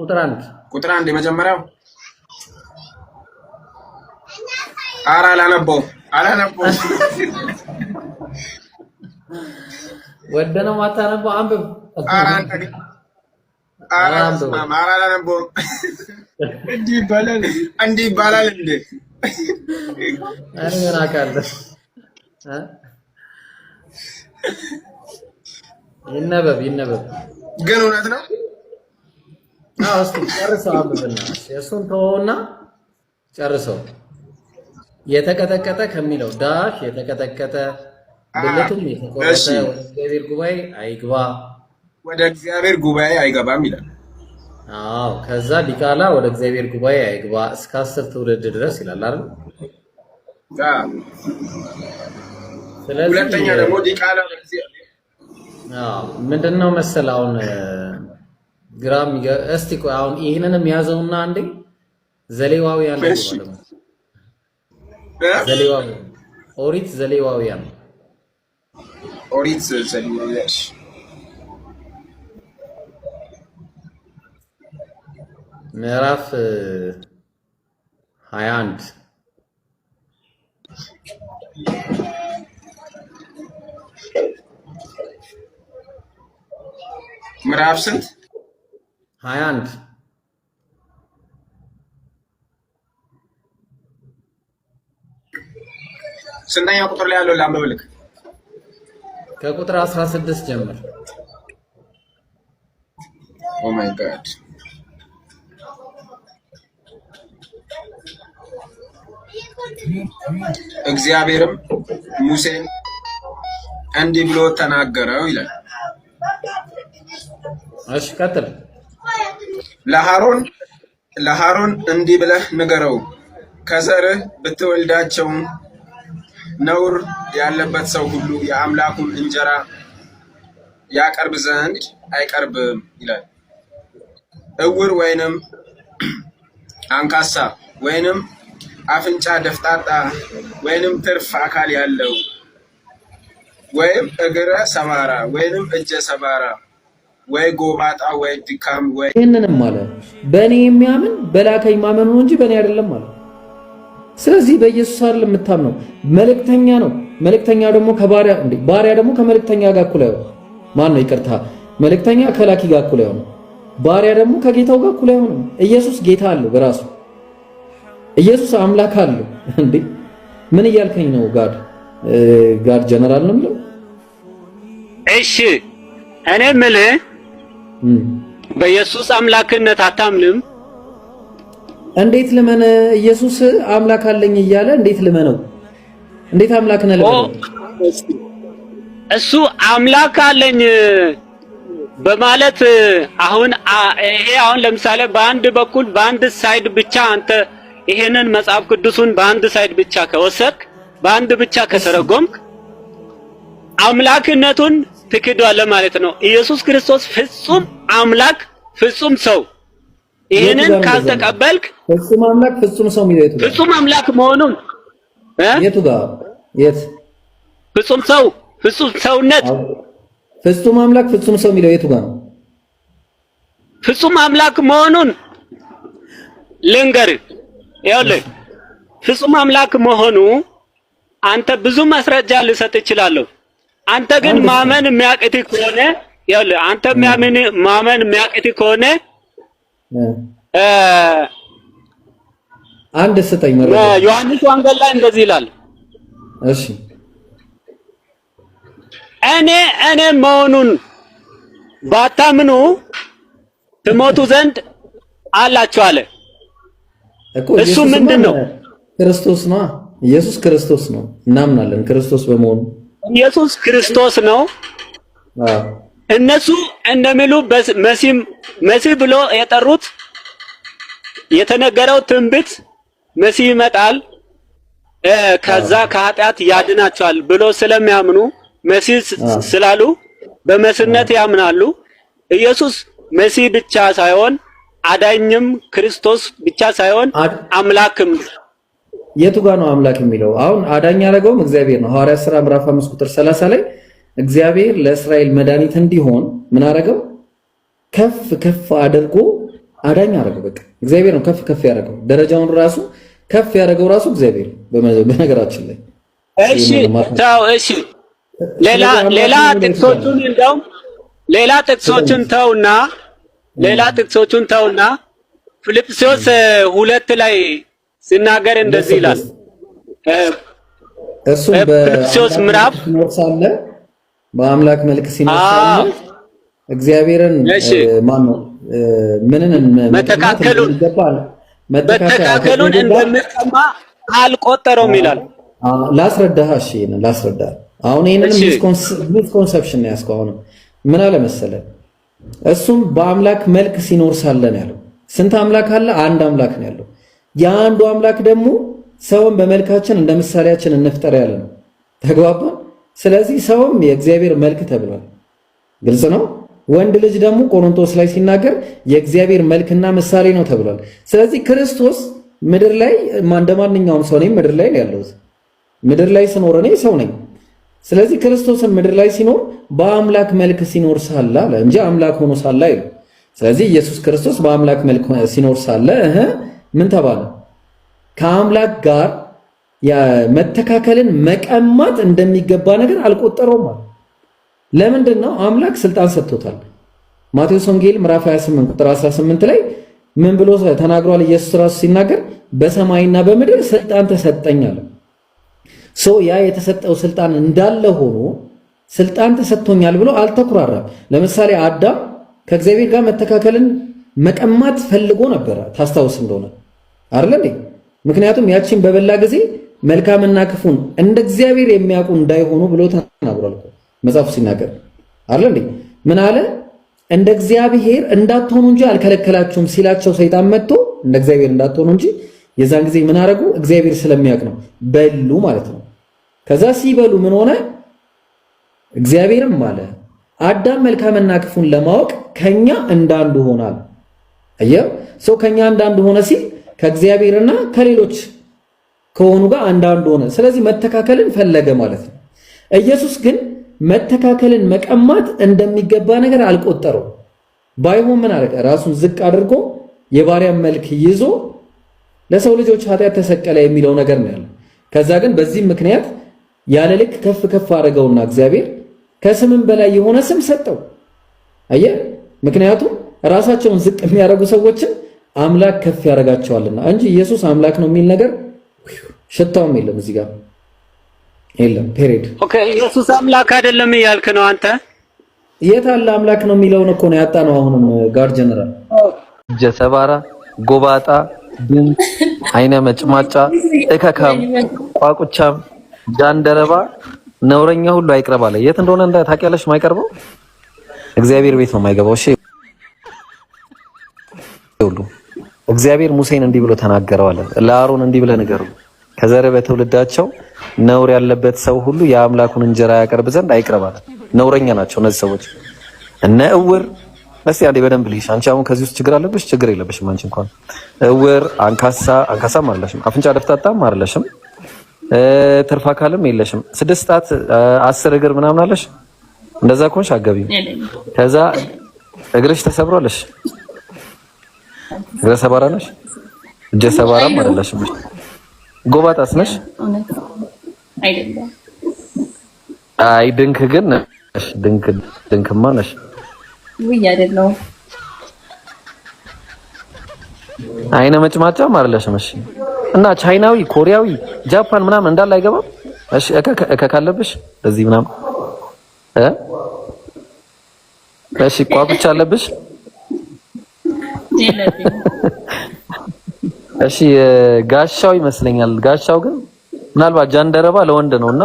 ቁጥር አንድ ቁጥር አንድ የመጀመሪያው ኧረ አላነበውም አላነበውም። ወደ ነው የማታነበው? አንብብ። ኧረ አላነበውም። እንዲህ ይባላል እንዲህ ይባላል እንዴ? ምን አውቃለሁ። ይነበብ ይነበብ፣ ግን እውነት ነው ጨርሰው አንብብና እሱን ተወውና ጨርሰው። የተቀጠቀጠ ከሚለው ዳሽ የተቀጠቀጠ ብልቱም የተቆረጠ ወደ እግዚአብሔር ጉባኤ አይግባ፣ ወደ እግዚአብሔር ጉባኤ አይገባም ይላል። አዎ፣ ከዛ ዲቃላ ወደ እግዚአብሔር ጉባኤ አይግባ እስከ አስር ትውልድ ድረስ ይላል አይደል? ሁለተኛ ደግሞ ዲቃላ ምንድን ነው መሰል አሁን ግራም እስቲ ቆይ አሁን ይሄንንም ያዘውና አንዴ ዘሌዋውያን ኦሪት ዘሌዋውያን ኦሪት ዘሌዋውያን ምዕራፍ 21 ምዕራፍ ስንት ሀያ አንድ ስንተኛ ቁጥር ላይ ያለው ላንበብልክ? ከቁጥር አስራ ስድስት ጀምር። ኦ ማይ ጋድ እግዚአብሔርም ሙሴን እንዲህ ብሎ ተናገረው ይላል። እሺ ቀጥል። ለሃሮን ለሃሮን እንዲህ ብለህ ንገረው ከዘርህ ብትወልዳቸውም ነውር ያለበት ሰው ሁሉ የአምላኩን እንጀራ ያቀርብ ዘንድ አይቀርብም ይላል። እውር ወይንም አንካሳ ወይንም አፍንጫ ደፍጣጣ ወይንም ትርፍ አካል ያለው ወይም እግረ ሰባራ ወይንም እጀ ሰባራ ወይ ጎባጣ ወይ ድካም ወይ ይህንንም አለ በእኔ የሚያምን በላከኝ ማመኑ እንጂ በእኔ አይደለም አለ። ስለዚህ በኢየሱስ አይደለም የምታምነው መልእክተኛ ነው። መልእክተኛ ደግሞ ከባሪያ እንዴ ባሪያ ደግሞ ከመልእክተኛ ጋር እኩል አይሆንም። ማን ነው? ይቅርታ መልእክተኛ ከላኪ ጋር እኩል አይሆንም። ባሪያ ደግሞ ከጌታው ጋር እኩል አይሆንም። ኢየሱስ ጌታ አለው በራሱ ኢየሱስ አምላክ አለው። እንዴ ምን እያልከኝ ነው? ጋድ ጋድ ጀነራል ነው። እሺ እኔ ምልህ በኢየሱስ አምላክነት አታምንም? እንዴት ልመነ ኢየሱስ አምላክ አለኝ እያለ እንዴት ልመነው? እንዴት አምላክ ነህ እሱ አምላክ አለኝ በማለት አሁን ይሄ አሁን ለምሳሌ በአንድ በኩል በአንድ ሳይድ ብቻ አንተ ይሄንን መጽሐፍ ቅዱሱን በአንድ ሳይድ ብቻ ከወሰድክ፣ በአንድ ብቻ ከተረጎምክ አምላክነቱን ትክዷለ ማለት ነው። ኢየሱስ ክርስቶስ ፍጹም አምላክ ፍጹም ሰው ይህንን ካልተቀበልክ ፍጹም አምላክ ፍጹም ሰው የሚለው የቱ ፍጹም አምላክ መሆኑን የቱ ጋር የት ፍጹም ሰው ፍጹም ሰውነት ፍጹም አምላክ ፍጹም ሰው የሚለው የቱ ጋር ነው? ፍጹም አምላክ መሆኑን ልንገርህ። ይኸውልህ ፍጹም አምላክ መሆኑ አንተ ብዙ ማስረጃ ልሰጥ እችላለሁ። አንተ ግን ማመን የሚያቅትህ ከሆነ ይኸውልህ፣ አንተ የሚያምን ማመን የሚያቅትህ ከሆነ አንድ ስጠኝ መረጃ። ዮሐንስ ወንጌል ላይ እንደዚህ ይላል። እሺ እኔ እኔ መሆኑን ባታምኑ ትሞቱ ዘንድ አላችሁ አለ። እሱ ምንድን ነው? ክርስቶስ ነው፣ ኢየሱስ ክርስቶስ ነው። እናምናለን ክርስቶስ በመሆኑ ኢየሱስ ክርስቶስ ነው። እነሱ እንደሚሉ መሲህ መሲህ ብሎ የጠሩት የተነገረው ትንቢት መሲህ ይመጣል ከዛ ከኃጢአት ያድናቸዋል ብሎ ስለሚያምኑ መሲህ ስላሉ በመስነት ያምናሉ። ኢየሱስ መሲህ ብቻ ሳይሆን አዳኝም ክርስቶስ ብቻ ሳይሆን አምላክም የቱ ጋር ነው አምላክ የሚለው? አሁን አዳኝ ያደረገውም እግዚአብሔር ነው። ሐዋርያ ሥራ ምዕራፍ 5 ቁጥር 30 ላይ እግዚአብሔር ለእስራኤል መድኃኒት እንዲሆን ምን አደረገው? ከፍ ከፍ አድርጎ አዳኝ አደረገው። በቃ እግዚአብሔር ነው ከፍ ከፍ ያደረገው። ደረጃውን ራሱ ከፍ ያደረገው ራሱ እግዚአብሔር ነው። በነገራችን ላይ እሺ፣ ተው እሺ። ሌላ ሌላ ጥቅሶቹን እንደው ሌላ ጥቅሶቹን ተውና ሌላ ጥቅሶቹን ተውና ፊልጵስዩስ ሁለት ላይ ሲናገር እንደዚህ ይላል። እሱ በክርስቶስ ምዕራፍ ሳለ በአምላክ መልክ ሲኖር ሳለ እግዚአብሔርን ማነው ምንን መተካከሉን ይገባል መተካከሉን እንደምትቀማ አልቆጠረውም ይላል። ላስረዳህ፣ እሺ ይሄንን ላስረዳህ። አሁን ይሄንን ሚስ ኮንሰፕሽን ነው ያስከው። አሁን ምን አለ መሰለህ፣ እሱም በአምላክ መልክ ሲኖር ሳለ ነው ያለው። ስንት አምላክ አለ? አንድ አምላክ ነው ያለው። የአንዱ አምላክ ደግሞ ሰውን በመልካችን እንደ ምሳሌያችን እንፍጠር ያለ ነው። ተግባባ። ስለዚህ ሰውም የእግዚአብሔር መልክ ተብሏል። ግልጽ ነው። ወንድ ልጅ ደግሞ ቆሮንቶስ ላይ ሲናገር የእግዚአብሔር መልክና ምሳሌ ነው ተብሏል። ስለዚህ ክርስቶስ ምድር ላይ እንደ ማንኛውም ሰው ነኝ። ምድር ላይ ነው ያለሁት። ምድር ላይ ስኖር እኔ ሰው ነኝ። ስለዚህ ክርስቶስን ምድር ላይ ሲኖር በአምላክ መልክ ሲኖር ሳለ አለ እንጂ አምላክ ሆኖ ሳለ አይደለም። ስለዚህ ኢየሱስ ክርስቶስ በአምላክ መልክ ሲኖር ሳለ ምን ተባለ? ከአምላክ ጋር መተካከልን መቀማት እንደሚገባ ነገር አልቆጠረውም አለ። ለምንድን ነው? አምላክ ስልጣን ሰጥቶታል። ማቴዎስ ወንጌል ምዕራፍ 28 ቁጥር 18 ላይ ምን ብሎ ተናግሯል? ኢየሱስ ራሱ ሲናገር በሰማይና በምድር ስልጣን ተሰጠኝ አለ። ያ የተሰጠው ስልጣን እንዳለ ሆኖ ስልጣን ተሰጥቶኛል ብሎ አልተኩራራም። ለምሳሌ አዳም ከእግዚአብሔር ጋር መተካከልን መቀማት ፈልጎ ነበረ ታስታውስ እንደሆነ አይደል እንዴ? ምክንያቱም ያችን በበላ ጊዜ መልካምና ክፉን እንደ እግዚአብሔር የሚያውቁ እንዳይሆኑ ብሎ ተናግሯል መጽሐፉ ሲናገር አይደል እንዴ? ምን አለ? እንደ እግዚአብሔር እንዳትሆኑ እንጂ አልከለከላችሁም ሲላቸው ሰይጣን መጥቶ እንደ እግዚአብሔር እንዳትሆኑ እንጂ የዛን ጊዜ ምን አደረጉ? እግዚአብሔር ስለሚያውቅ ነው በሉ ማለት ነው። ከዛ ሲበሉ ምን ሆነ? እግዚአብሔርም አለ አዳም መልካምና ክፉን ለማወቅ ከኛ እንዳንዱ ሆናል። አየው ሰው ከኛ እንዳንዱ ሆነ ሲል ከእግዚአብሔርና ከሌሎች ከሆኑ ጋር አንዳንድ ሆነ። ስለዚህ መተካከልን ፈለገ ማለት ነው። ኢየሱስ ግን መተካከልን መቀማት እንደሚገባ ነገር አልቆጠረው ባይሆን ምን አለቀ? ራሱን ዝቅ አድርጎ የባሪያ መልክ ይዞ ለሰው ልጆች ኃጢአት ተሰቀለ የሚለው ነገር ነው ያለው። ከዛ ግን በዚህም ምክንያት ያለ ልክ ከፍ ከፍ አድርገውና እግዚአብሔር ከስምም በላይ የሆነ ስም ሰጠው። አየህ፣ ምክንያቱም ራሳቸውን ዝቅ የሚያደርጉ ሰዎችን አምላክ ከፍ ያደርጋቸዋልና እንጂ ኢየሱስ አምላክ ነው የሚል ነገር ሽታውም የለም እዚህ ጋር የለም። ፔሬድ ኦኬ። ኢየሱስ አምላክ አይደለም እያልክ ነው አንተ። የት አለ አምላክ ነው የሚለውን እኮ ነው ያጣ ነው። አሁንም ጋር ጀነራል ጀሰባራ ጎባጣ ግን አይነ መጭማጫ እከካም ቋቁቻም ጃንደረባ ነውረኛ ሁሉ አይቅረብ አለ። የት እንደሆነ እንደ ታውቂያለሽ። የማይቀርበው እግዚአብሔር ቤት ነው የማይገባው። እሺ ሁሉ እግዚአብሔር ሙሴን እንዲህ ብሎ ተናገረው አለ። ለአሮን እንዲህ ብለህ ንገረው ከዘርህ በትውልዳቸው ነውር ያለበት ሰው ሁሉ የአምላኩን እንጀራ ያቀርብ ዘንድ አይቅረብ አለ። ነውረኛ ናቸው እነዚህ ሰዎች እነ እውር። እስቲ አንዴ በደንብ ልይሽ። አንቺ አሁን ከዚህ ውስጥ ችግር አለብሽ? ችግር የለብሽም። አንቺ እንኳን እውር፣ አንካሳ፣ አንካሳም አለሽም፣ አፍንጫ ደፍታጣም አለሽም፣ ትርፍ አካልም የለሽም። ስድስት ጣት አስር እግር ምናምን አለሽ። እንደዛ ከሆንሽ አገቢ። ከዛ እግርሽ ተሰብሯለሽ እግረ ሰባራ ነሽ፣ እጀ ሰባራም አይደለሽም። ጎባጣስ ነሽ? አይ ድንክ ግን ነሽ። ድንክ ድንክማ ነሽ። አይነ መጭማጫም አይደለሽም። እሺ እና ቻይናዊ፣ ኮሪያዊ፣ ጃፓን ምናምን እንዳለ አይገባም። እሺ እከ ካለብሽ እዚህ ምናምን እ እሺ ቋቁቻ አለብሽ እሺ ጋሻው ይመስለኛል። ጋሻው ግን ምናልባት ጃንደረባ ለወንድ ነው እና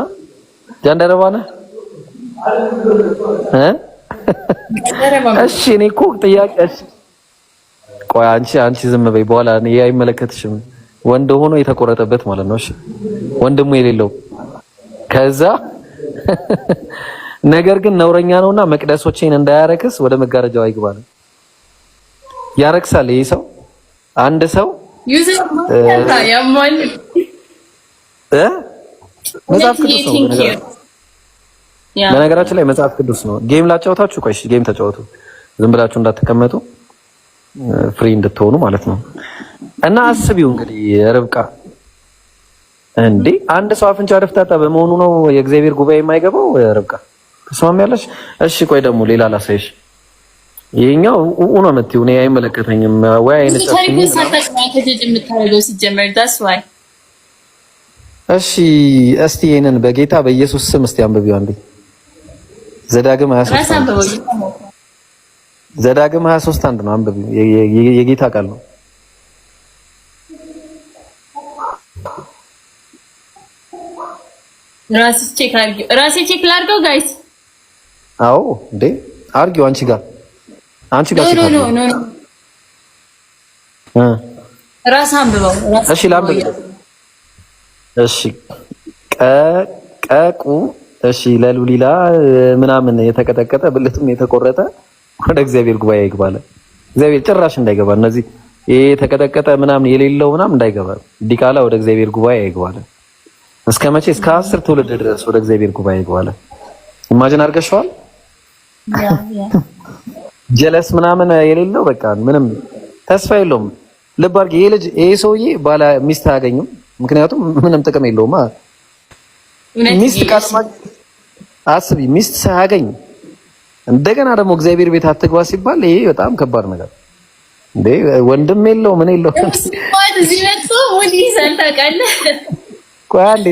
ጃንደረባ ነህ እሺ እኔ እኮ ጥያቄ እሺ፣ ቆይ አንቺ አንቺ ዝም በይ። በኋላ እኔ አይመለከትሽም። ወንድ ሆኖ የተቆረጠበት ማለት ነው። እሺ ወንድሙ የሌለው ከዛ ነገር ግን ነውረኛ ነውና መቅደሶቼን እንዳያረክስ ወደ መጋረጃው አይግባ ያረክሳል። ይሄ ሰው አንድ ሰው መጽሐፍ ቅዱስ ነው። በነገራችን ላይ መጽሐፍ ቅዱስ ነው። ጌም ላጫወታችሁ። ቆይ ጌም ተጫወቱ፣ ዝም ብላችሁ እንዳትቀመጡ፣ ፍሪ እንድትሆኑ ማለት ነው። እና አስቢው እንግዲህ ርብቃ እንዴ አንድ ሰው አፍንጫ ደፍታጣ በመሆኑ ነው የእግዚአብሔር ጉባኤ የማይገባው። ርብቃ ተስማሚያለሽ? እሺ ቆይ ደግሞ ሌላ ላሳይሽ ይሄኛው ኡ ነው የምትይው። እኔ አይመለከተኝም ወይ አይነሳኝ ነው እሺ፣ እስቲ ይሄንን በጌታ በኢየሱስ ስም እስቲ አንብቢው አንዴ። ዘዳግም 23 ዘዳግም 23 አንድ ነው አንብቢው። የጌታ ቃል ነው። ራሴ ቼክ ላድርገው ጋይስ። አዎ እንዴ አድርጊው አንቺ ጋር አንቺ ጋር ነው ነው ነው ራስ አንብበው። እሺ ላምብ እሺ ቀ ቀቁ እሺ ለሉሊላ ምናምን የተቀጠቀጠ ብልቱም የተቆረጠ ወደ እግዚአብሔር ጉባኤ ይግባለ እግዚአብሔር ጭራሽ እንዳይገባ እነዚህ የተቀጠቀጠ ምናምን የሌለው ምናምን እንዳይገባ ዲቃላ ወደ እግዚአብሔር ጉባኤ ይግባለ እስከ መቼ? እስከ አስር ትውልድ ድረስ ወደ እግዚአብሔር ጉባኤ ይግባለ ኢማጂን አድርገሽዋል? ጀለስ ምናምን የሌለው በቃ ምንም ተስፋ የለውም። ልብ ይሄ ልጅ ይሄ ሰውዬ ባለ ሚስት አያገኝም። ምክንያቱም ምንም ጥቅም የለውም። ሚስት ካስማግ አስቢ፣ ሚስት ሳያገኝ እንደገና ደግሞ እግዚአብሔር ቤት አትግባ ሲባል ይሄ በጣም ከባድ ነገር እንዴ! ወንድም የለው ምን የለው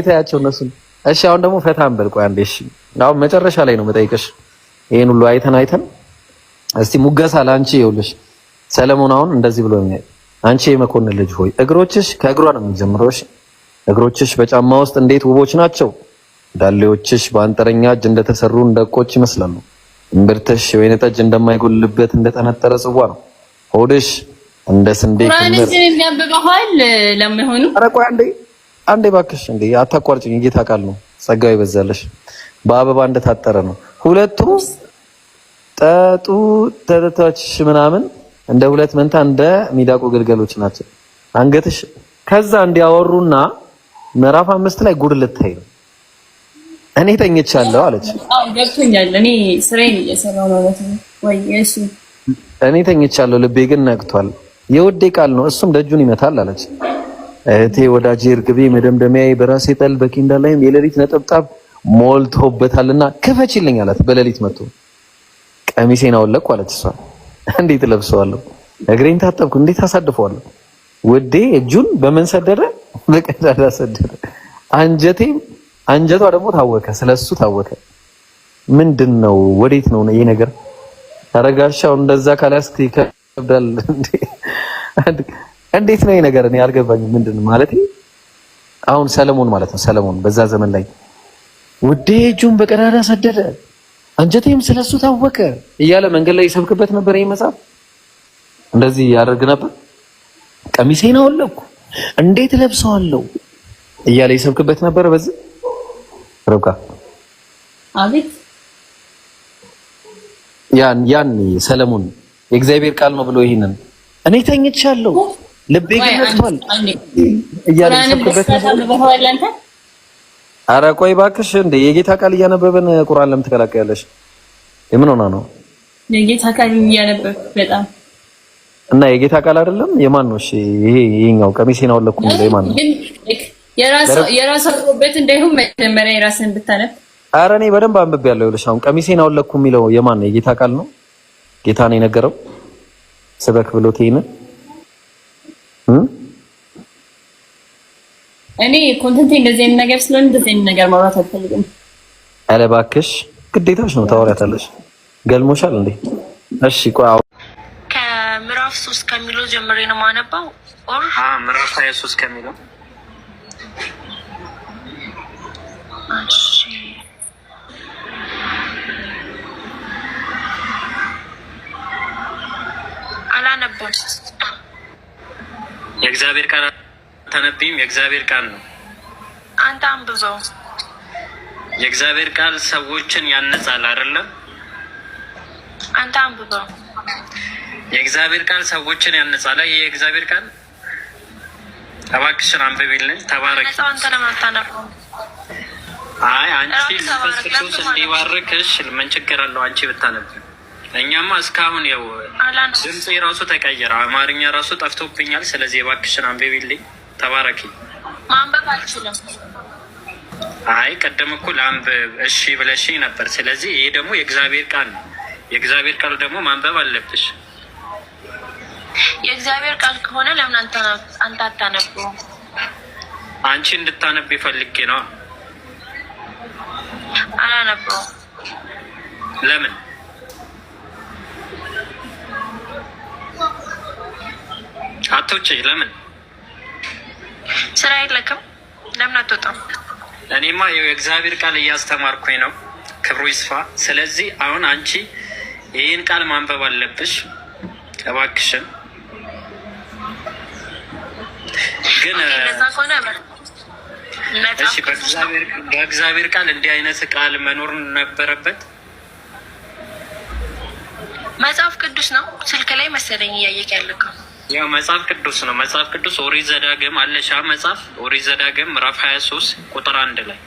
ታያቸው እነሱን። እሺ አሁን ደግሞ ፈታን በል ቆይ አንዴ። እሺ አሁን መጨረሻ ላይ ነው መጠይቅሽ ይሄን ሁሉ አይተን አይተን እስቲ ሙገሳ ለአንቺ ይኸውልሽ፣ ሰለሞን አሁን እንደዚህ ብሎኛል። አንቺ የመኮንን ልጅ ሆይ እግሮችሽ ከእግሯ ነው የሚጀምረው። እግሮችሽ በጫማ ውስጥ እንዴት ውቦች ናቸው! ዳሌዎችሽ በአንጥረኛ እጅ እንደተሰሩ እንደቆች ይመስላሉ። እምብርትሽ ወይን ጠጅ እንደማይጎልበት እንደተነጠረ ጽዋ ነው። ሆድሽ እንደ ስንዴ ክምር የሚያብበዋል። ለመሆኑ አንዴ አንዴ እንዴ አታቋርጪኝ። ጌታ ቃል ነው ጸጋው ይበዛለሽ። በአበባ እንደታጠረ ነው ሁለቱ ጠጡ ተረታች ምናምን እንደ ሁለት መንታ እንደ ሚዳቆ ግልገሎች ናቸው አንገትሽ። ከዛ እንዲያወሩና ምዕራፍ አምስት ላይ ጉድ ልታይ ነው። እኔ ተኝቻለሁ አለች። እኔ እኔ ተኝቻለሁ፣ ልቤ ግን ነቅቷል። የውዴ ቃል ነው፣ እሱም ደጁን ይመታል አለች። እህቴ ወዳጄ እርግቤ መደምደሚያዬ በራሴ ጠል በኪንዳ ላይም የሌሊት ነጠብጣብ ሞልቶበታልና ክፈችልኝ አላት። በሌሊት መጥቶ ቀሚሴን አወለቅ አለች እሷ። እንዴት ለብሰዋለሁ? እግሬን ታጠብኩ፣ እንዴት አሳድፈዋለሁ? ውዴ እጁን በምን ሰደደ? በቀዳዳ ሰደደ። አንጀቴም አንጀቷ ደግሞ ታወከ፣ ስለሱ ታወከ። ምንድን ነው? ወዴት ነው ይሄ ነገር? አረጋሻው እንደዛ ካላስክ ይከብዳል። እንዴት ነው ይሄ ነገር? እኔ አልገባኝም። ምንድን ነው ማለት አሁን ሰለሞን ማለት ነው ሰለሞን በዛ ዘመን ላይ ውዴ እጁን በቀዳዳ ሰደደ አንጀቴም ስለሱ ታወቀ እያለ መንገድ ላይ ይሰብክበት ነበር። ይህ መጽሐፍ እንደዚህ ያደርግ ነበር። ቀሚሴን አወለኩ እንዴት ለብሰዋለሁ እያለ ይሰብክበት ነበር። በዚህ ርብቃ አቤት ያን ያን ሰለሞን የእግዚአብሔር ቃል ነው ብሎ ይሄንን እኔ ተኝቻለሁ ልቤ ግን ነጥቷል እያለ ይሰብክበት ነበር። አረ ቆይ እባክሽ እንደ የጌታ ቃል እያነበብን ቁርአን ለምትከላከያለሽ? የምን ሆና ነው? የጌታ ቃል እያነበብን በጣም እና የጌታ ቃል አይደለም የማን ነው? እሺ ይሄ ይሄኛው ቀሚሴን አወለኩ ነው የማን ነው? የራስ የራስ ሮበት እንዳይሆን መጀመሪያ የራስን ብታነብ። አረ እኔ በደንብ አንብቤያለሁ። ይኸውልሽ አሁን ቀሚሴን አወለኩ የሚለው የማን ነው? የጌታ ቃል ነው። ጌታ ነው የነገረው ስበክ ብሎት ይሄንን እኔ ኮንተንቴ እንደዚህ አይነት ነገር ስለሆነ እንደዚህ አይነት ነገር ማውራት አልፈልግም። ኧረ እባክሽ ግዴታሽ ነው ታወሪያታለሽ። ገልሞሻል እንዴ? እሺ ቆይ ከምዕራፍ ሶስት ከሚለው ጀምሬ ነው የማነባው። ኦር ምዕራፍ ሀያ ሶስት ከሚለው አላነባም። የእግዚአብሔር ቃል አታነቢም? የእግዚአብሔር ቃል ነው። አንተ አንብበው። የእግዚአብሔር ቃል ሰዎችን ያነጻል አይደለም? አንተ አንብበው። የእግዚአብሔር ቃል ሰዎችን ያነጻል። ይህ የእግዚአብሔር ቃል እባክሽን አንብቢልን። ተባረክ። አንተ አይ አንቺ መንፈስ ቅዱስ እንዲባርክሽ ምን ችግር አለው? አንቺ ብታነብ እኛማ እስካሁን ያው ድምፅ የራሱ ተቀየረ፣ አማርኛ ራሱ ጠፍቶብኛል። ስለዚህ እባክሽን አንብቢልኝ። ተባረኪ። ማንበብ አልችልም። አይ ቀደም እኮ ለአንብብ እሺ ብለሽኝ ነበር። ስለዚህ ይሄ ደግሞ የእግዚአብሔር ቃል ነው። የእግዚአብሔር ቃል ደግሞ ማንበብ አለብሽ። የእግዚአብሔር ቃል ከሆነ ለምን አንተ አታነበው? አንቺ እንድታነብ ይፈልጌ ነው። አላነበው። ለምን አቶች ለምን ስራ የለክም? ለምን አትወጣም? እኔማ የእግዚአብሔር ቃል እያስተማርኩኝ ነው። ክብሩ ይስፋ። ስለዚህ አሁን አንቺ ይህን ቃል ማንበብ አለብሽ እባክሽን። ግን በእግዚአብሔር ቃል እንዲህ አይነት ቃል መኖር ነበረበት። መጽሐፍ ቅዱስ ነው። ስልክ ላይ መሰለኝ እያየቅ ያለከው ያው መጽሐፍ ቅዱስ ነው። መጽሐፍ ቅዱስ ኦሪት ዘዳግም አለሻ መጽሐፍ ኦሪት ዘዳግም ምዕራፍ 23 ቁጥር አንድ ላይ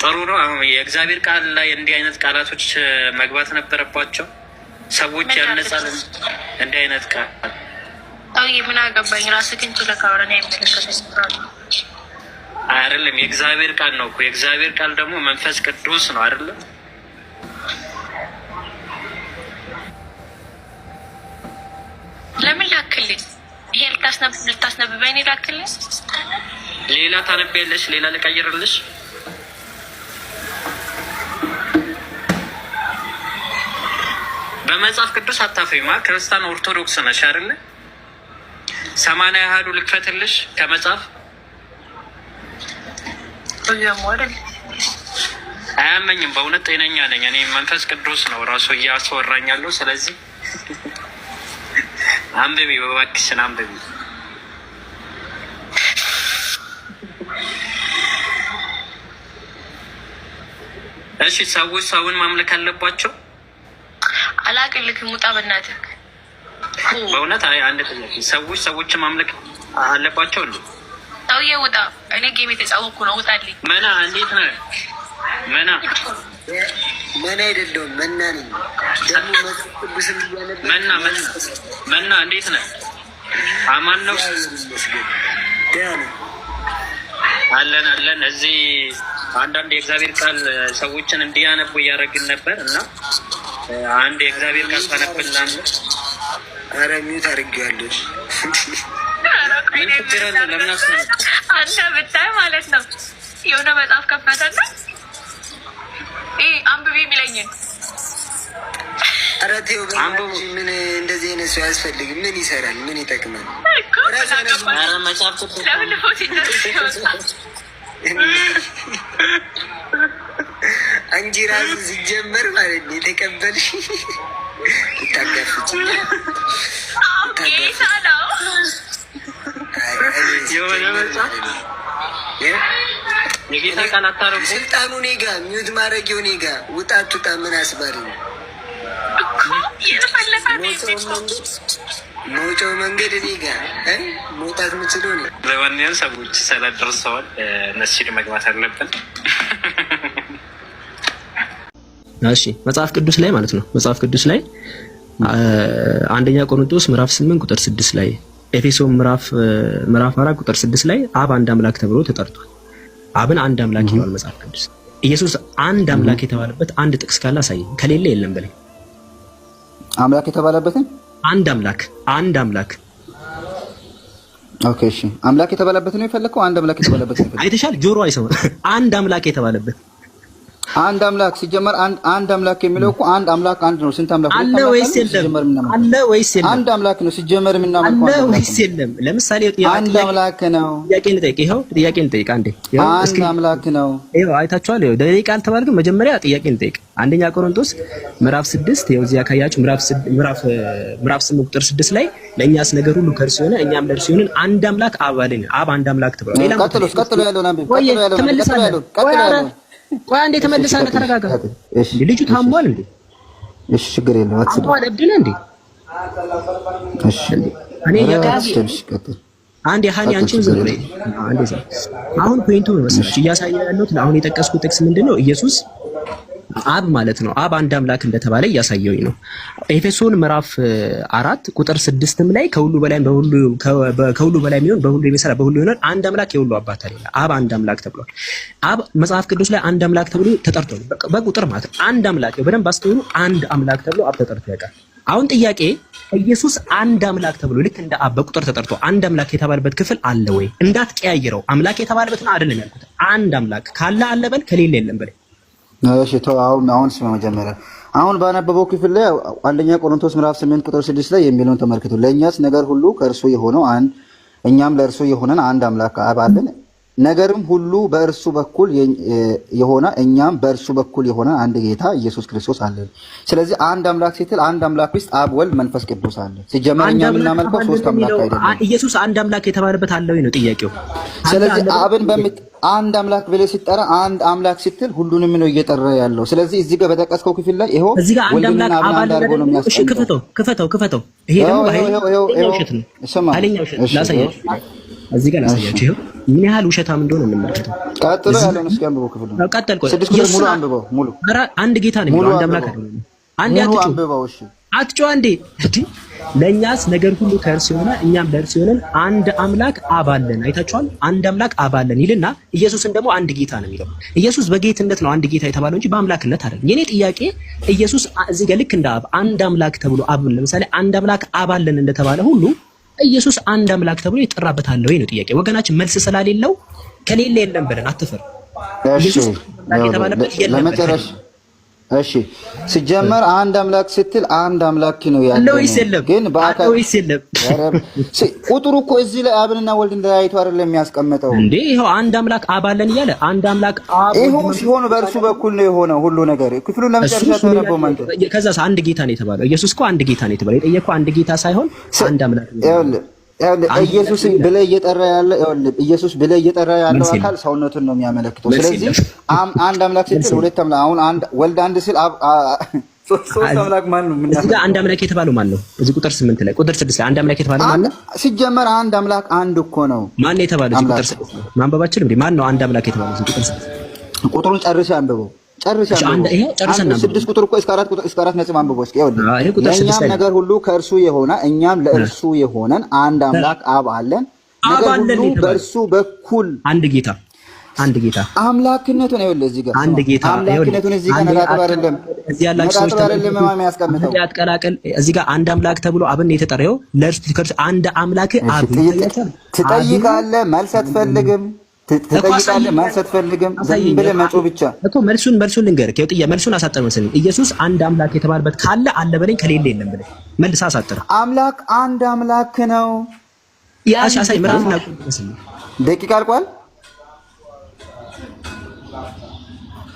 ጥሩ ነው። አሁን የእግዚአብሔር ቃል ላይ እንዲህ አይነት ቃላቶች መግባት ነበረባቸው ሰዎች ያነጻል። እንዲህ አይነት ቃል ምን አገባኝ ራስ ግን ችለካውረን የሚመለከተኝ አይደለም። የእግዚአብሔር ቃል ነው እኮ የእግዚአብሔር ቃል ደግሞ መንፈስ ቅዱስ ነው አይደለም ለምን ላክልኝ? ይሄ ልታስነብበኝ ላክልኝ። ሌላ ታነብያለሽ? ሌላ ልቀይርልሽ? በመጽሐፍ ቅዱስ አታፍሪማ። ክርስቲያን ኦርቶዶክስ ነሽ አይደለ? ሰማንያ ያህሉ ልክፈትልሽ ከመጽሐፍ አያመኝም። በእውነት ጤነኛ ነኝ እኔ። መንፈስ ቅዱስ ነው ራሱ እያስወራኛለሁ። ስለዚህ አንብቢ በባክሽን አንብቢ። እሺ ሰዎች ሰውን ማምለክ አለባቸው? አላቅልክ ሙጣ በእናትህ በእውነት አንድ ጥያቄ፣ ሰዎች ሰዎችን ማምለክ አለባቸው እንዴ? ሰውዬ ውጣ! እኔ ጌም የተጫወኩ ነው። ውጣልኝ። መና እንዴት ነህ መና? መና አይደለሁም መና ነኝ። ደግሞ ቅዱስም መና መና እንዴት ነህ? አማን ነው አለን አለን። እዚህ አንዳንድ የእግዚአብሔር ቃል ሰዎችን እንዲያነቡ እያደረግን ነበር እና አንድ የእግዚአብሔር ቃል ታነብላለ። ኧረ ሚውት አድርጌዋለሁ። አንተ ብታይ ማለት ነው የሆነ መጽሐፍ ከፈተና አንብቤ የሚለኝን ረቴው ምን እንደዚህ አይነት ሰው ያስፈልግ? ምን ይሰራል? ምን ይጠቅማል? አንቺ ራሱ ሲጀመር ማለት ነው የተቀበልሽ ታጋፍች የሆነ የጌታ ቃል አታረጉ። ስልጣኑ እኔ ጋ ሚዩት ማድረጊው እኔ ጋ ውጣ ምን አስባሪ መውጫው መንገድ እኔ ጋ መውጣት ምችሉ ነ ለማንኛውም ሰዎች ሰላት ደርሰዋል። መስጂድ መግባት አለብን። እሺ መጽሐፍ ቅዱስ ላይ ማለት ነው። መጽሐፍ ቅዱስ ላይ አንደኛ ቆሮንቶስ ምዕራፍ 8 ቁጥር 6 ላይ ኤፌሶን ምዕራፍ ምዕራፍ 4 ቁጥር 6 ላይ አብ አንድ አምላክ ተብሎ ተጠርቷል። አብን አንድ አምላክ ይለዋል መጽሐፍ ቅዱስ። ኢየሱስ አንድ አምላክ የተባለበት አንድ ጥቅስ ካለ አሳየኝ፣ ከሌለ የለም በለኝ። አምላክ የተባለበትን አንድ አምላክ አንድ አምላክ ኦኬ፣ እሺ አምላክ የተባለበት ነው የፈለከው? አንድ አምላክ የተባለበት ነው አይተሻል። ጆሮ አይሰማም። አንድ አምላክ የተባለበት አንድ አምላክ ሲጀመር አንድ አምላክ የሚለው እኮ አንድ አምላክ አንድ ነው። ስንት አምላክ አለ ወይስ የለም? አለ ወይስ የለም? አንድ አምላክ ነው ሲጀመር የምናመልከው አለ ወይስ የለም? ለምሳሌ አንድ አምላክ ነው። ጠይቅ። ጥያቄን ጠይቅ። አንዴ አንድ አምላክ ነው። መጀመሪያ ጥያቄን ጠይቅ። አንደኛ ቆሮንቶስ ምዕራፍ ስድስት ይኸው እዚያ ካያችሁ ምዕራፍ ምዕራፍ ስምንት ቁጥር ስድስት ላይ ለእኛስ ነገር ሁሉ ከእርሱ የሆነ እኛም ለእርሱ የሆንን አንድ አምላክ አብ አለን። አብ አንድ አምላክ ተብሏል። ቀጥሎ ቀጥሎ ቀጥሎ ያለው ቀጥሎ ቆይ አንዴ ተመልሰህ አንተ ተረጋጋ። ልጁ ታሟል እንዴ? እሺ፣ ችግር የለም አትስማ። ታሟል እንዴ? እሺ፣ እኔ ያቃዚ አንዴ ሃኒ አንቺም ዝም ብለሽ አንዴ። አሁን ፖይንቱ ነው መሰለሽ እያሳየ ያለው አሁን የጠቀስኩት ጥቅስ ምንድን ነው ኢየሱስ አብ ማለት ነው። አብ አንድ አምላክ እንደተባለ እያሳየውኝ ነው። ኤፌሶን ምዕራፍ አራት ቁጥር ስድስትም ላይ ከሁሉ በላይ በሁሉ ከሁሉ በላይ የሚሆን በሁሉ የሚሰራ በሁሉ ይሆናል አንድ አምላክ የሁሉ አባት አለ። አብ አንድ አምላክ ተብሏል። አብ መጽሐፍ ቅዱስ ላይ አንድ አምላክ ተብሎ ተጠርቷል። በቁጥር ማለት አንድ አምላክ በደንብ አንድ አምላክ ተብሎ አብ ተጠርቶ ያውቃል። አሁን ጥያቄ ኢየሱስ አንድ አምላክ ተብሎ ልክ እንደ አብ በቁጥር ተጠርቶ አንድ አምላክ የተባለበት ክፍል አለ ወይ? እንዳትቀያይረው። አምላክ የተባለበት ነው አይደለም ያልኩት። አንድ አምላክ ካለ አለ በል፣ ከሌለ የለም በል እሺ ተው። አሁን አሁን ስማ መጀመሪያ አሁን ባነበበው ክፍል ላይ አንደኛ ቆሮንቶስ ምዕራፍ 8 ቁጥር 6 ላይ የሚለውን ተመልክቱ። ለእኛስ ነገር ሁሉ ከእርሱ የሆነው አንድ እኛም ለእርሱ የሆነን አንድ አምላክ አብ አለን ነገርም ሁሉ በእርሱ በኩል የሆነ እኛም በእርሱ በኩል የሆነ አንድ ጌታ ኢየሱስ ክርስቶስ አለን። ስለዚህ አንድ አምላክ ስትል አንድ አምላክ ውስጥ አብ፣ ወልድ፣ መንፈስ ቅዱስ አለ። ሲጀመር እኛ የምናመልከው ሶስት አምላክ አይደለም። ኢየሱስ አንድ አምላክ የተባለበት አለው ነው ጥያቄው። ስለዚህ አብን በምት አንድ አምላክ ብለህ ሲጠራ አንድ አምላክ ስትል ሁሉንም ነው እየጠራ ያለው። ስለዚህ እዚህ ጋር በጠቀስከው ክፍል ላይ ይሄው እዚህ ጋር አንድ አምላክ አባል አድርጎ ነው የሚያስቀምጠው። ክፈተው፣ ክፈተው፣ ክፈተው። ይሄ ደግሞ ይሄ ይሄ ይሄ ይሄ ይሄ ይሄ ይሄ ይሄ ይሄ ይሄ ይሄ ይሄ ይሄ ውሸት ይሄ ኃይለኛው ይሄ ላሳያችሁ እዚህ ጋር ላሳያችሁ። ይኸው ምን ያህል ውሸታም እንደሆነ እንመልከተው። ቀጥሎ ነው ቀጥል። ቆይ ስድስት ክፍል ሙሉ አንብበው። አንድ ጌታ ነው የሚለው አንድ አምላክ አይደለም። አንዴ አንዴ። እንዴ ለእኛስ ነገር ሁሉ ከእርሱ የሆነ እኛም ለእርሱ የሆነን አንድ አምላክ አባለን። አይታችኋል? አንድ አምላክ አባለን ይልና ኢየሱስን ደግሞ አንድ ጌታ ነው የሚለው። ኢየሱስ በጌትነት ነው አንድ ጌታ የተባለው እንጂ በአምላክነት አይደለም። የኔ ጥያቄ ኢየሱስ እዚህ ጋር ልክ እንደ አብ አንድ አምላክ ተብሎ አብ ለምሳሌ አንድ አምላክ አባለን እንደተባለ ሁሉ ኢየሱስ አንድ አምላክ ተብሎ አለ ወይ ነው ጥያቄ። ወገናችን መልስ ስለሌለው ከሌለ የለም ብለን አትፈር ኢየሱስ እሺ ሲጀመር አንድ አምላክ ስትል አንድ አምላክ ነው ያለው ግን በአካል ቁጥሩ እኮ እዚህ ላይ አብንና ወልድን ለያይቶ አይደለም የሚያስቀምጠው እንዴ ይሄው አንድ አምላክ አባለን እያለ አንድ አምላክ ይሄው ሲሆን በእርሱ በኩል ነው የሆነ ሁሉ ነገር ክፍሉ ለመጨረሻ ተነበው ማለት ከዛስ አንድ ጌታ ነው የተባለው ኢየሱስ እኮ አንድ ጌታ ነው የተባለው የጠየቀው አንድ ጌታ ሳይሆን አንድ አምላክ ነው ኢየሱስ ብለህ እየጠራ ያለ ኢየሱስ ብለህ እየጠራ ያለው አካል ሰውነቱን ነው የሚያመለክተው። ስለዚህ አንድ አምላክ ስትል ሁለት አምላክ አሁን አንድ ወልድ አንድ ሲል ሶስት አምላክ ማን ነው? እዚህ ጋር አንድ አምላክ የተባለው ማን ነው? እዚህ ቁጥር ስምንት ላይ ቁጥር ስድስት ላይ አንድ አምላክ የተባለው ማን ነው? ሲጀመር አንድ አምላክ አንድ እኮ ነው። ማን ነው የተባለው? እዚህ ቁጥር ስድስት ማንበባችን እንዴ? ማን ነው አንድ አምላክ የተባለው? እዚህ ቁጥር ስድስት ቁጥሩን ጨርሼ አንብበው ስድስት ቁጥር እኮ እስከ አራት ነጥብ አንብቦ እስኪ ነገር ሁሉ ከእርሱ የሆነ እኛም ለእርሱ የሆነን አንድ አምላክ አብ አለን። ነገር ሁሉ በእርሱ በኩል አንድ ጌታ አንድ ጌታ አምላክነቱን እዚህ ጋር አንድ ጌታ አምላክነቱን እዚህ ጋር አይደለም፣ እዚህ ያላችሁ ሰዎች እዚህ ጋር አንድ አምላክ ተብሎ አብን ለእርሱ አንድ አምላክ አብ ትጠይቃለህ፣ መልስ አትፈልግም። ትጠይቃለህ። ማንሳት ፈልግም ዝም ብለህ መጮ ብቻ እኮ መልሱን መልሱን ልንገርህ ጥያ መልሱን አሳጠር መሰለኝ። ኢየሱስ አንድ አምላክ የተባለበት ካለ አለ በለኝ፣ ከሌለ የለም ብለህ መልስ አሳጠር። አምላክ አንድ አምላክ ነው። ያሽ አሳይ ምራፍና ደቂቃ አልቋል።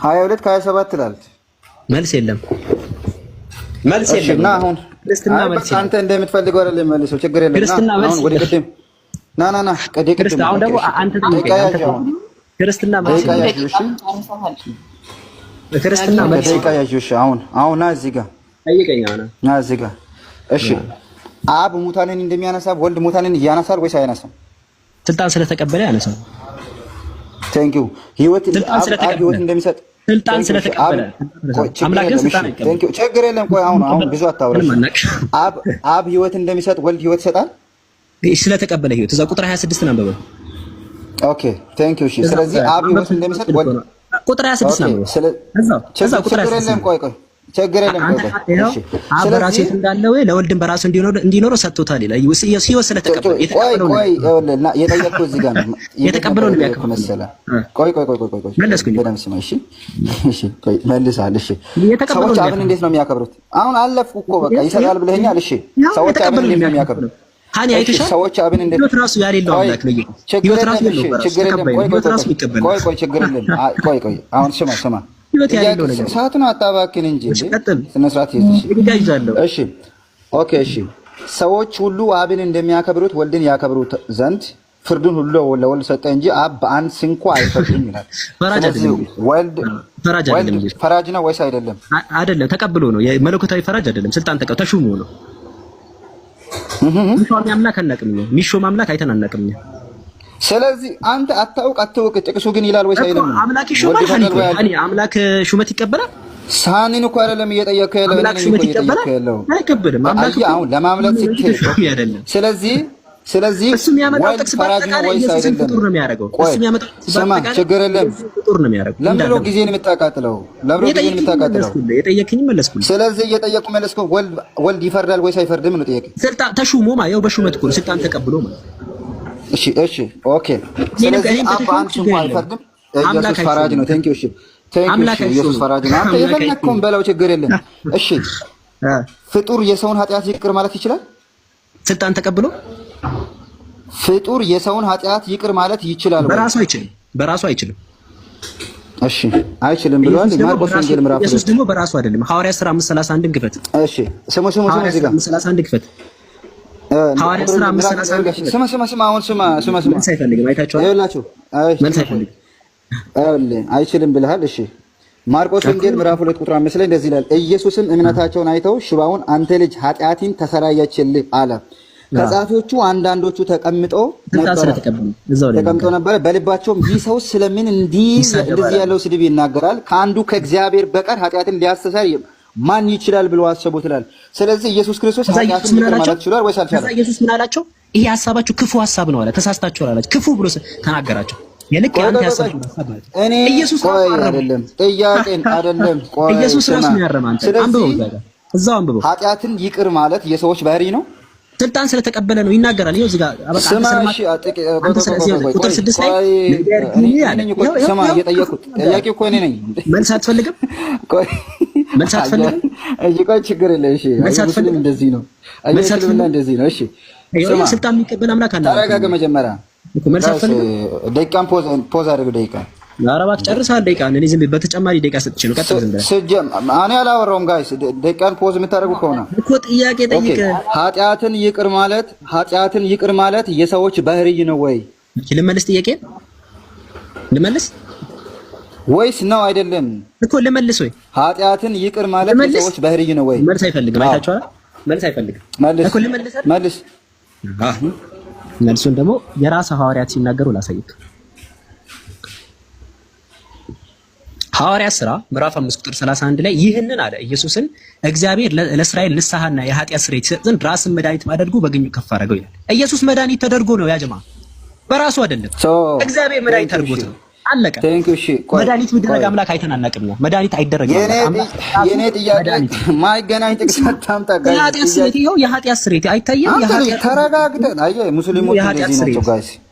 22 27 ትላለች። መልስ የለም፣ መልስ የለም። እና አሁን ክርስትና መልስ አንተ እንደምትፈልገው አይደለም መልሰው፣ ችግር የለም። ክርስትና መልስ ወደ ቅድም ና ና ና ቀደ ቀደ አሁን ደግሞ አንተ ክርስትና ክርስትና ደቂቃ ያዥሽ አሁን አሁን ና እዚህ ጋር ጠይቀኝ። ና እዚህ ጋር እሺ። አብ ሙታንን እንደሚያነሳ ወልድ ሙታንን እያነሳል ወይስ አያነሳም? ስልጣን ስለተቀበለ ያነሳል። ቴንክ ዩ ህይወት ስልጣን ህይወት እንደሚሰጥ ስልጣን ስለተቀበለ አምላክ ግን ስልጣን አይቀበል። ችግር የለም። ቆይ አሁን አሁን ብዙ አታውራሽ። አብ ህይወት እንደሚሰጥ ወልድ ህይወት ይሰጣል ስለተቀበለ ህይወት እዛ ቁጥር 26 አንብበው። ኦኬ ቴንክ ዩ። እሺ፣ ስለዚህ አብ ህይወት እንደሚሰጥ ቁጥር 26 አንብበው። ስለዚህ ቁጥር 26 ቆይ ቆይ ችግር የለም። አብ በራሱ ህይወት እንዳለው ለወልድም በራሱ እንዲኖረው ሰጥቶታል ይላል። ህይወት ስለተቀበለ የተቀበለው ነው። ቆይ ቆይ የጠየቅኩህ እዚህ ጋር ነው። የተቀበለው ነው ያከፈ መሰለህ። ቆይ ቆይ ቆይ ቆይ ቆይ መለስኩኝ። በደምብ ስማ። እሺ እሺ፣ ቆይ መልሰሃል። እሺ፣ ሰዎች አብን እንዴት ነው የሚያከብሩት? አሁን አለፍኩ እኮ በቃ ይሰጣል ብለኸኛል። እሺ፣ ሰዎች አብን እንዴት ነው የሚያከብሩት? ሀኒ አይተሻል። ሰዎች አብን እንደ ህይወት ራሱ ያለ የለው አምላክ ነው። ህይወት ራሱ የለው በራሱ ተቀባይ ነው። ህይወት ራሱ ይቀበል። ቆይ ቆይ ችግር የለም። ቆይ ቆይ አሁን ስማ ስማ፣ ህይወት ያለው ነገር ነው። አጣባክን እንጂ ቀጥል። ስነ ስርዓት ይዘሽ ይጋጅዛለሁ። እሺ ኦኬ፣ እሺ። ሰዎች ሁሉ አብን እንደሚያከብሩት ወልድን ያከብሩት ዘንድ ፍርዱን ሁሉ ለወልድ ሰጠ እንጂ አብ በአንድ ስንኳ አይፈርድም ይላል። ፈራጅ አይደለም ወልድ ፈራጅ አይደለም። ፈራጅ ነው ወይስ አይደለም? አይደለም፣ ተቀብሎ ነው። መለኮታዊ ፈራጅ አይደለም። ስልጣን ተቀብሎ ተሹሞ ነው ሚሾም አምላክ አናቅም ሚሾም አምላክ አይተናናቅም ነው። ስለዚህ አንተ አታውቅ አታውቅ ጥቅሱ ግን ይላል ወይስ አይልም? አምላክ ይሾማል ሐሊፍ አምላክ ሹመት ይቀበላል። ሳኒን እኮ አይደለም እየጠየቀ ያለው አምላክ ሹመት ይቀበላል አይቀበልም። አምላክ አሁን ለማምለክ ሲል ስለዚህ ስለዚህ እሱ የሚያመጣው ጥቅስ ነው እሱ የሚያመጣው ነው ለምን ነው ጊዜን የምታቃጥለው? ለምን ነው ጊዜን የጠየቅኝ ስለዚህ እየጠየቁ መለስኩ። ወልድ ይፈርዳል ወይስ አይፈርድም ነው ጥያቄ። ስልጣን ተሹሞ ማ ያው በሹመት እኮ ነው ስልጣን ተቀብሎ እሺ፣ እሺ፣ ኦኬ። ስለዚህ ኢየሱስ ፈራጅ ነው። ቴንክ ዩ። እሺ፣ ቴንክ ዩ። ኢየሱስ ፈራጅ ነው። አንተ የፈለከውን በለው፣ ችግር የለም። እሺ፣ ፍጡር የሰውን ኃጢአት ይቅር ማለት ይችላል ስልጣን ተቀብሎ ፍጡር የሰውን ኃጢአት ይቅር ማለት ይችላል? በራሱ አይችልም። በራሱ አይችልም። እሺ አይችልም ብሏል። ማርቆስ ወንጌል ምዕራፍ ሁለት ኢየሱስ ደግሞ በራሱ አይደለም። ሐዋርያ ሥራ 531 ግፈት። እሺ ስሙ ስሙ ስሙ እዚህ ጋር 531 ግፈት። ሐዋርያ ሥራ 531 ስሙ ስሙ ስሙ አሁን ስሙ ስማ ስማ መልስ አይፈልግም። አይታችኋል። ይኸውላችሁ መልስ አይፈልግም። ይኸውልህ አይችልም ብለሃል። እሺ ማርቆስ ወንጌል ምዕራፍ 2 ቁጥር 5 ላይ እንደዚህ ይላል። ኢየሱስም እምነታቸውን አይተው ሽባውን አንተ ልጅ ኃጢአቲን ተሰራየችልህ አለ። ከጸሐፊዎቹ አንዳንዶቹ ተቀምጠው ተቀምጦ ነበረ። በልባቸውም ይህ ሰው ስለምን እንደዚህ ያለው ስድብ ይናገራል? ከአንዱ ከእግዚአብሔር በቀር ኃጢአትን ሊያስተሰር ማን ይችላል ብሎ አሰቡ ትላል። ስለዚህ ኢየሱስ ክርስቶስ ኃጢአትን ወይስ አልቻለም? ኢየሱስ ምን አላቸው? ይሄ ሀሳባችሁ ክፉ ሀሳብ ነው አለ። ተሳስታችሁ አላቸው። ክፉ ብሎ ተናገራቸው። አንተ እኔ ኢየሱስ አይደለም ጥያቄን ኢየሱስ ራሱ ነው ያረማን። እዛው ኃጢአትን ይቅር ማለት የሰዎች ባህሪ ነው ስልጣን ስለተቀበለ ነው ይናገራል። ይኸው እዚህ ጋር ቁጥር ስድስት ላይ መልስ አትፈልግም? መልስ አትፈልግም? ችግር የለም። እንደዚህ ነው እንደዚህ ነው። ስልጣን የሚቀበል አምላክ አለ። ተረጋጋ። መጀመሪያ ደቂቃን ፖዝ አድርግ። ደቂቃ ኧረ እባክህ ጨርሰሃል ደቂቃህን። እኔ ዝም በተጨማሪ ደቂቃ ሰጥቼ ነው። ቀጥል ዝም ብለህ እኔ አላወራሁም። ጋይስ ደቂቃን ፖዝ የምታደርጉ ከሆነ እኮ ጥያቄ ጠይቀህ ኃጢአትን ይቅር ማለት ኃጢአትን ይቅር ማለት የሰዎች ባህርይ ነው ወይ? ልመልስ ጥያቄ ልመልስ ወይስ ነው አይደለም? እኮ ልመልስ ወይ ኃጢአትን ይቅር ማለት የሰዎች ባህርይ ነው ወይ? መልስ አይፈልግም። አይታችኋል? መልስ አይፈልግም። መልስ እኮ ልመልስ መልስ አህ መልሱን ደግሞ የራስህ ሐዋርያት ሲናገሩ ላሳየህ ሐዋርያ ሥራ ምዕራፍ 5 ቁጥር 31 ላይ ይህንን አለ ኢየሱስን እግዚአብሔር ለእስራኤል ንስሐና የኃጢአት ስርየት ይሰጥ ዘንድ ራስን መድኃኒት ማደርጉ በግኙ ከፍ አደረገው ይላል። ኢየሱስ መድኃኒት ተደርጎ ነው ያጀማ በራሱ አይደለም፣ እግዚአብሔር መድኃኒት አድርጎት ነው። አለቀ። መድኃኒት ምድረግ አምላክ አይተን አናውቅም። መድኃኒት አይደረግም። የኔ የኔ ጥያቄ ማይገናኝ ጥቅስ አታምጣ። የኃጢአት ስርየት ይኸው የኃጢአት ስርየት አይታየም። ተረጋግተን አየህ፣ ሙስሊሞች እንደዚህ ናቸው ጋይስ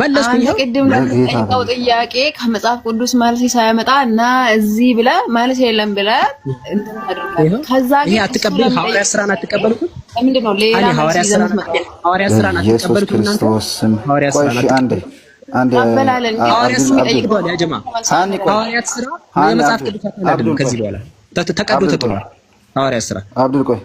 መለስኩኝ። ቅድም ለጠይቀው ጥያቄ ከመጽሐፍ ቅዱስ መልስ ሳያመጣ እና እዚህ ብለ መልስ የለም ብለ ከዛ ግን አትቀበል ሐዋርያ ስራን አትቀበልኩት። ምንድን ነው ሌላ ሐዋርያ ስራን ሐዋርያ ስራን አትቀበልኩት። እናንተ ሐዋርያ ስራን አትቀበልኩት። ሐዋርያ ስም ይጠይቀዋል። ያ ጀማ ሐዋርያት ስራ መጽሐፍ ቅዱስ አታነድም። ከዚህ በኋላ ተቀዶ ተጥሏል። ሐዋርያ ስራ አብዱል ቆይ